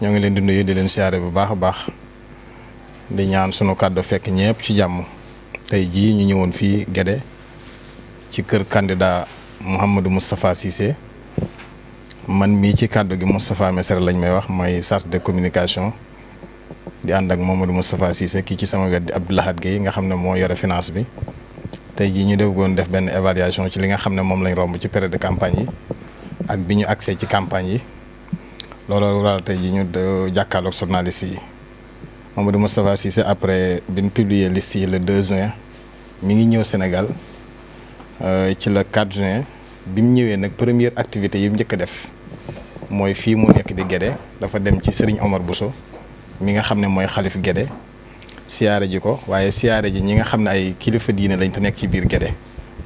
ñoo ngi leen di nuyu di leen siyaare bu baax a baax di ñaan sunu kàddu fekk ñëpp ci jàmm tey jii ñu ñëwoon fii Guédé ci kër candidat Mouhamadou Moustapha Cissé man mii ci kàddu gi Moustapha Messere lañ may wax mooy chargé de communication di ànd ak Mouhamadou Moustapha Cissé kii ci sama wet di Abdou Lahad Guèye nga xam ne moo yore bi tey jii ñu déggoon def benn évaluation ci li nga xam ne moom lañ romb ci période de campagne yi ak bi ñu accès ci campagne yi. loolu waral tey ji ñu jàkkaarloog journaliste yi Mamadou Moustapha Cissé après bi ñu publier liste yi le 2 juin mi ngi ñëw Sénégal euh, ci la quatre juin bi mu ñëwee nag première activité yi mu njëkk a def mooy fii mu nekk di Guédé dafa dem ci Serigne Omar Bousso mi nga xam ne mooy xalif Guédé siyaare ji ko waaye siyaare ji ñi nga xam ne ay kilifa diine lañ te nekk ci biir Guédé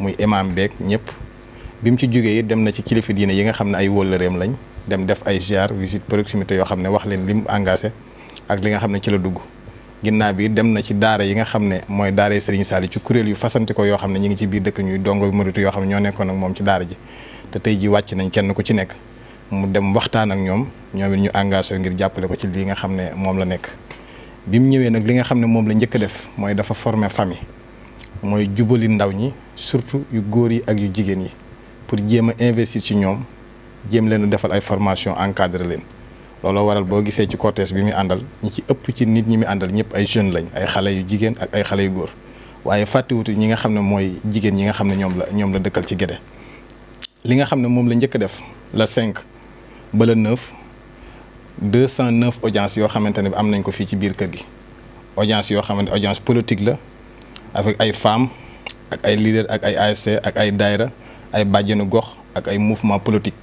muy imam beeg ñëpp bi mu ci jógee dem na ci kilifa diine yi nga xam ne ay wóllëreem lañ. dem def ay ziar visite proximité yoo xam ne wax leen li mu engagé ak li nga xam ne ci la dugg ginnaaw bi dem na ci daara yi nga xam ne mooy daara Serigne Saliou ci kuréel yu fasante ko yoo xam ne ñi ngi ci biir dëkk ñuy dongo murit yoo xam ne ñoo nekkoon ak moom ci te tey ji wàcc nañ kenn ku ci nekk mu dem waxtaan ak ñoom ñoom it ñu engagé ngir jàppale ko ci li nga xam ne moom la nekk bi mu ñëwee nag li nga xam ne moom la njëkk a def mooy dafa former famille mooy jubali ndaw ñi surtout yu góor yi ak yu jigéen yi pour jéem a investir ci ñoom jéem leen defal ay formation encadré leen looloo waral boo gisee ci cortège bi muy àndal ñi ci ëpp ci nit ñi mu àndal ñëpp ay jeunes lañ ay xale yu jigéen ak ay xale yu góor waaye fàttewutu ñi nga xam ne mooy jigéen ñi nga xam ne ñoom la ñoom la dëkkal ci Guédé li nga xam ne moom la njëkk def la 5 ba la 9 209 audience yoo xamante ne am nañ ko fii ci biir kër gi audience yoo xamante audience politique la avec ay femmes ak ay leaders ak ay ASC ak ay daayra ay bàjjenu gox ak ay mouvement politique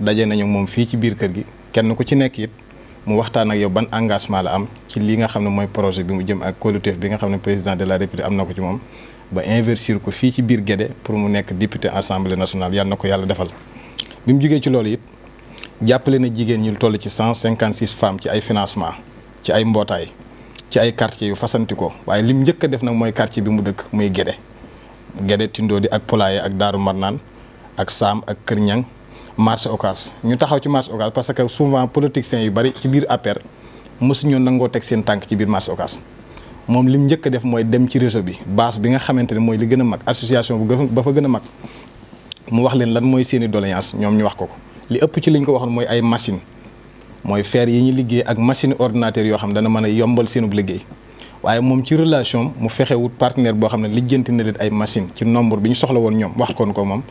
daje nañu moom fii ci biir kër gi kenn ku ci nekk it mu waxtaan ak yow ban engagement la am ci li nga xam ne mooy projet bi mu jëm ak collectif bi nga xam ne président de la république am na ko ci moom ba investir ko fii ci biir Guédé pour mu nekk député assemblée nationale yal na ko yàlla defal bi mu jugee ci loolu it jàppale na jigéen ñu toll ci cinquante 156 femmes ci ay financement ci ay mbootaay ci ay quartiers yu fasanti ko waaye lim njëkk a def nag mooy quartier bi mu dëkk muy Guédé Guédé Tindodi ak Pulaye ak Daaru Marnaan ak Saam ak Kër marché Ocass ñu taxaw ci marché Ocass parce que souvent politiciens yu bari ci biir APR mosuñu nangoo teg seen tànk ci biir marché Ocass moom lim njëkk def mooy dem ci réseau bi base bi nga xamante ne mooy li gën a mag association bu ba fa gën a mag mu wax leen lan mooy seeni doléance ñoom ñu wax ko ko li ëpp ci liñ ko waxoon mooy ay machine mooy fer yi ñu liggéey ak machine ordinateur yoo xam dana mën a yombal seenub liggéey waaye moom ci relation mu fexewut partenaire boo xam ne lijjanti na leen ay ci nombre bi ñu soxla woon ñoom wax koon ko moom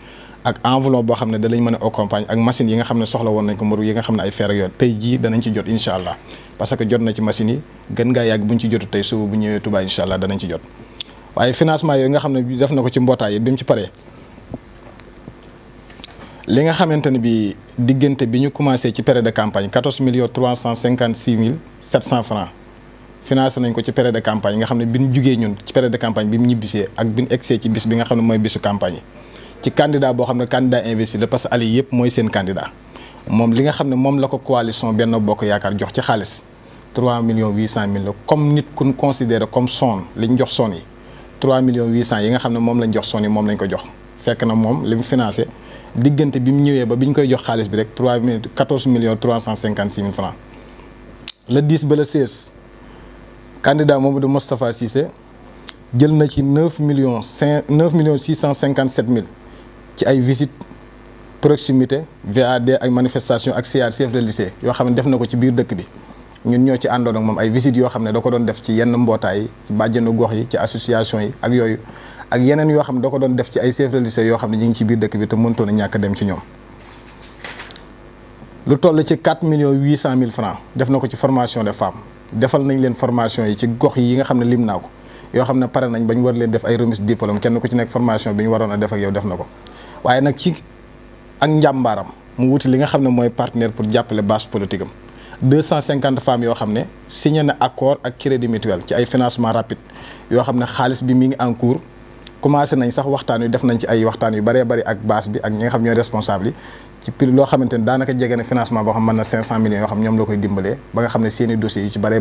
ak enveloppe boo xam ne danañ mën a accompagne ak machine yi nga xam ne soxla woon nañ ko mbaru yi nga xam ne ay fer ak yoon tey jii danañ ci jot incha allah parce que jot na ci machine yi gën ngaa yàgg buñ ci jotu tey suba bu ñëwee Touba incha allah danañ ci jot waaye financement yooyu nga xam ne def na ko ci mbootaay bi li nga xamante ne bi diggante bi ñu commencé ci période de campagne 14 millions 356 mille 700 francs financé nañ ko ci période de campagne nga xam ne bi ñu jugee ñun ci période de campagne bi mu ñibbisee ak bi ñu egsee nga xam ne mooy bisu campagne yi ci candidat boo xam ne candidat investi la parce que ali yëpp mooy seen candidat moom li nga xam ne moom la ko coalition benn bokk yaakaar jox ci xaalis 3 millions 800 mille la comme nit ku ñu considéré comme son li ñu jox son yi 3 millions 800 yi nga xam ne moom lañ jox son yi moom lañ ko jox fekk na moom li mu financé diggante bi mu ñëwee ba bi ñu koy jox xaalis bi rek 3 mille 14 millions 356 mille francs le 10 ba le 16 candidat Mamadou Moustapha Cissé jël na ci 9 millions 5 9 millions 657 mille. ci ay visite proximité VAD ak manifestation ak CR chef de lycée yoo xam ne def na ko ci biir dëkk bi ñun ñoo ci àndoon ak moom ay visites yoo xam ne da ko doon def ci yenn mbootaay ci bàjjenu gox yi ci association yi ak yooyu ak yeneen yoo xam ne da ko doon def ci ay chef de lycée yoo xam ne ñu ngi ci biir dëkk bi te mëntoon a ñàkk dem ci ñoom. lu toll ci 4 millions 800 mille francs def na ko ci formation des defal nañ leen formation yi ci gox yi nga xam ne lim naa ko yoo xam ne pare nañ ba ñu war leen def ay remise kenn ku ci nekk formation bi ñu waroon a def ak yow def ko. waaye nag ci ak njàmbaaram mu wuti li nga xam ne mooy partenaire pour jàppale base politique am 250 femmes yoo xam ne signé na accord ak crédit mutuel ci ay financement rapide yoo xam ne xaalis bi mu ngi en cours commencé nañ sax waxtaan yu def nañ ci ay waxtaan yu bëree bëri ak base bi ak ñi nga xam ñooy responsable yi ci prix loo xamante ne daanaka jege na financement boo xam mën na 500 millions yoo xam ñoom la koy dimbalee ba nga xam ne seeni dossiers yu ci bëree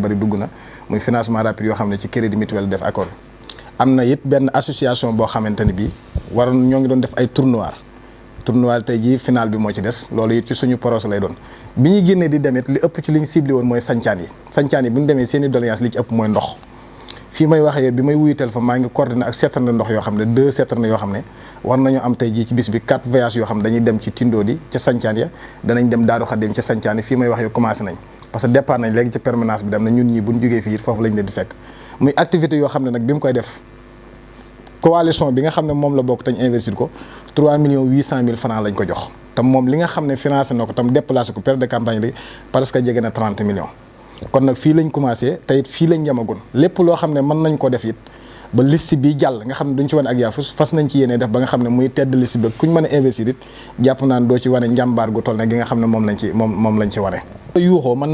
am na it benn association boo xamante ni bii waroon ñoo ngi doon def ay tournois tournoi tey jii final bi moo ci des loolu it ci suñu projet lay doon bi di demit li ci li ñu ciblé woon mooy sancaan yi sancaan yi bu ñu demee seen i li ci ëpp mooy ndox fii may waxee bi may wuyu téléphone maa ngi coordonné ak seetaan ndox yoo xam ne deux seetaan yoo xam ne war nañu am tey jii ci bis bi quatre voyages yoo xam ne dañuy dem ci Tindo di ca sancaan ya danañ dem Daaru Xaddim ca sancaan yi fii may wax yo xam ne nag bi mu koy def coalition bi nga xam ne moom la bokk tañ investir ko 3 millions 800 mille francs lañ ko jox te moom li nga xam ne financé na ko tam déplacé ko période de campagne bi parce que jege na 30 millions kon nag fii lañ commencé te it fii lañ yemagun lépp loo xam ne mën nañ ko def it ba list bi jàll nga xam ne duñ ci wane ak yaafus fas nañ ci yéene def ba nga xam ne muy tedd liste bi kuñ mën a investir it jàpp naan doo ci wane njàmbaar gu toll ne moom lañ ci moom moom lañ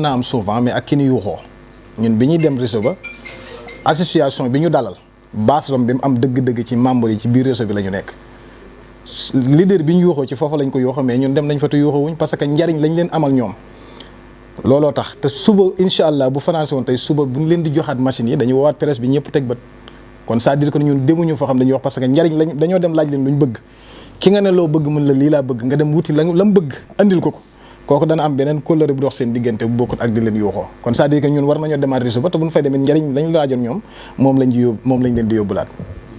am souvent mais ak ki bi ñuy dem réseau ba bi ñu dalal baselom bi mu am dëgg-dëgg ci membre yi ci biir réseau bi la ñu nekk leader bi ñu yuuxoo ci foofu lañ ko yuuxoo mais ñun dem nañ fa te yuuxoowuñ parce que njariñ lañ leen amal ñoom looloo tax te suba incha allah bu financé woon tey suba bu ñu leen di joxaat machines yi dañu woowaat presse bi ñëpp teg bët kon c'est-à-dire que ñun demuñu foo xam dañuy wax parce que njariñ lañ dañoo dem laaj leen luñ bëgg ki nga ne loo bëgg mën la lii laa bëgg nga dem wuti la mu bëgg andil ko ko kooku dana am beneen kóllëre bu dox seen diggante bu bokkut ak di leen yuuxoo kon cest à ñun war nañoo demaat réseau ba te bu ñu fay demee njariñ lañ laajoon ñoom moom lañ di yóbbu moom lañ leen di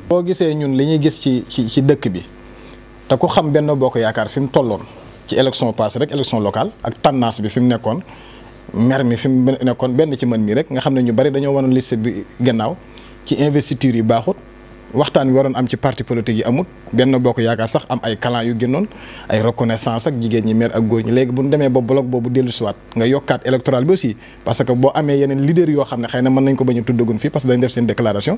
boo gisee ñun li ñuy gis ci ci ci dëkk bi te ku xam benn bokk yaakaar fi mu tolloon ci élection passée rek élection local ak tendance bi fi mu nekkoon mer mi fi mu nekkoon benn ci mën mi rek nga xam ne ñu bari dañoo waroon liste bi gannaaw ci investiture yi baaxut waxtaan wi waroon am ci parti politique yi amut benn bokk yaakaar sax am ay clan yu génnoon ay reconnaissance ak jigéen ñi maire ak góor ñi léegi bu ñu demee ba bloc boobu dellu siwaat nga yokkaat électoral bi aussi parce que boo amee yeneen leader yoo xam ne xëy na mën nañ ko bañ a tuddagun fii parce que dañ def seen déclaration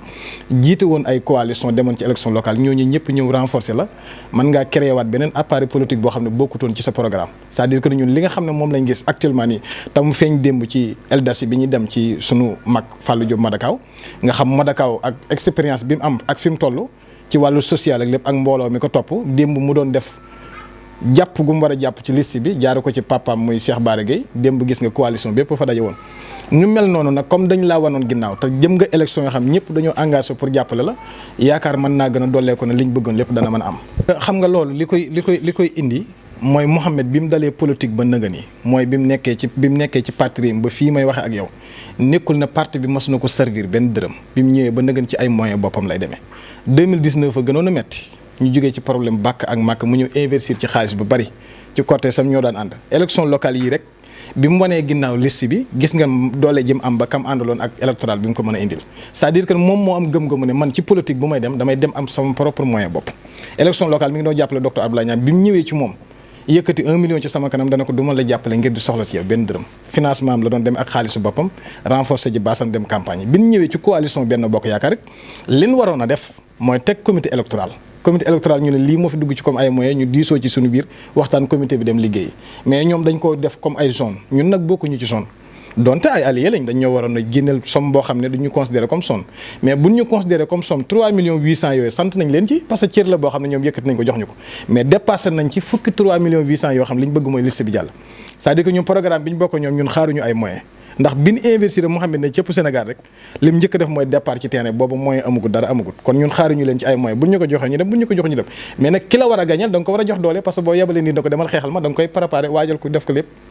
jiite woon ay coalition demoon ci élection locale ñooñu ñëpp ñëw renforcer la mën ngaa créé beneen appareil politique fi mu toll ci wàllu social ak lépp ak mbooloo mi ko topp démb mu doon def jàpp gu mu war a jàpp ci liste bi jaare ko ci papaam muy Cheikh Bara Gueye démb gis nga coalition bépp fa daje woon. ñu mel noonu nag comme dañ laa wanoon ginnaaw te jëm nga élection yoo xam ñëpp dañoo engagé pour jàppale la yaakaar mën naa gën a dollee ko ne liñ bëggoon lépp dana mën a am. xam nga loolu li koy li koy li koy indi mooy Mouhamed bi mu dalee politique ba nëgën yi mooy bi mu nekkee ci bi mu nekkee ci parti ba fii may waxe ak yow nekkul na parti bi mas na ko servir benn dërëm bi mu ñëwee ba nëgën ci ay moyens boppam lay demee. 2019 a gënoon a metti ñu jógee ci problème bàkk ak màkk mu ñëw ci xaalis bu bari ci côté sam ñoo daan ànd élection locale yi rek. bi mu wanee ginnaaw liste bi gis nga doole jëm am ba kam àndaloon ak électoral bi mu ko a indil cest moom moo am gëm-gëmu ne man ci politique bu may dem damay dem am sama propre moyen bopp. élection locale mi ngi doon jàppale docteur Abdoulaye Niang bi mu ñëwee ci moom. yëkkati un million ci sama kanam dana ko du ma la jàppale ngir di soxla ci yow benn dërëm financement am la doon dem ak xaalisu boppam renforcer ji baasam dem campagne bi ñëwee ci coalition benn bokk yaakaar it li ñu waroon a def mooy teg comité électoral. comité électoral ñu ne lii moo fi dugg ci comme ay moyens ñu diisoo ci suñu biir waxtaan comité bi dem liggéey mais ñoom dañ ko def comme ay zone ñu nag bokkuñu ci zone. donte ay alliés lañ dañ ñoo waroon a génneel somme boo xam ne duñ ñu considéré comme somme mais buñ ñu considéré comme somme 3 millions 800 yooyu sant nañ leen ci parce cër boo xam ne ñoom yëkkati nañ ko jox ñu ko mais bu ñu ko joxee ñu dem mais nag ki war a gañal da ko war a jox doole parce boo yebalee nii da ko demal xeexal ma da koy préparé waajal ko def ko lépp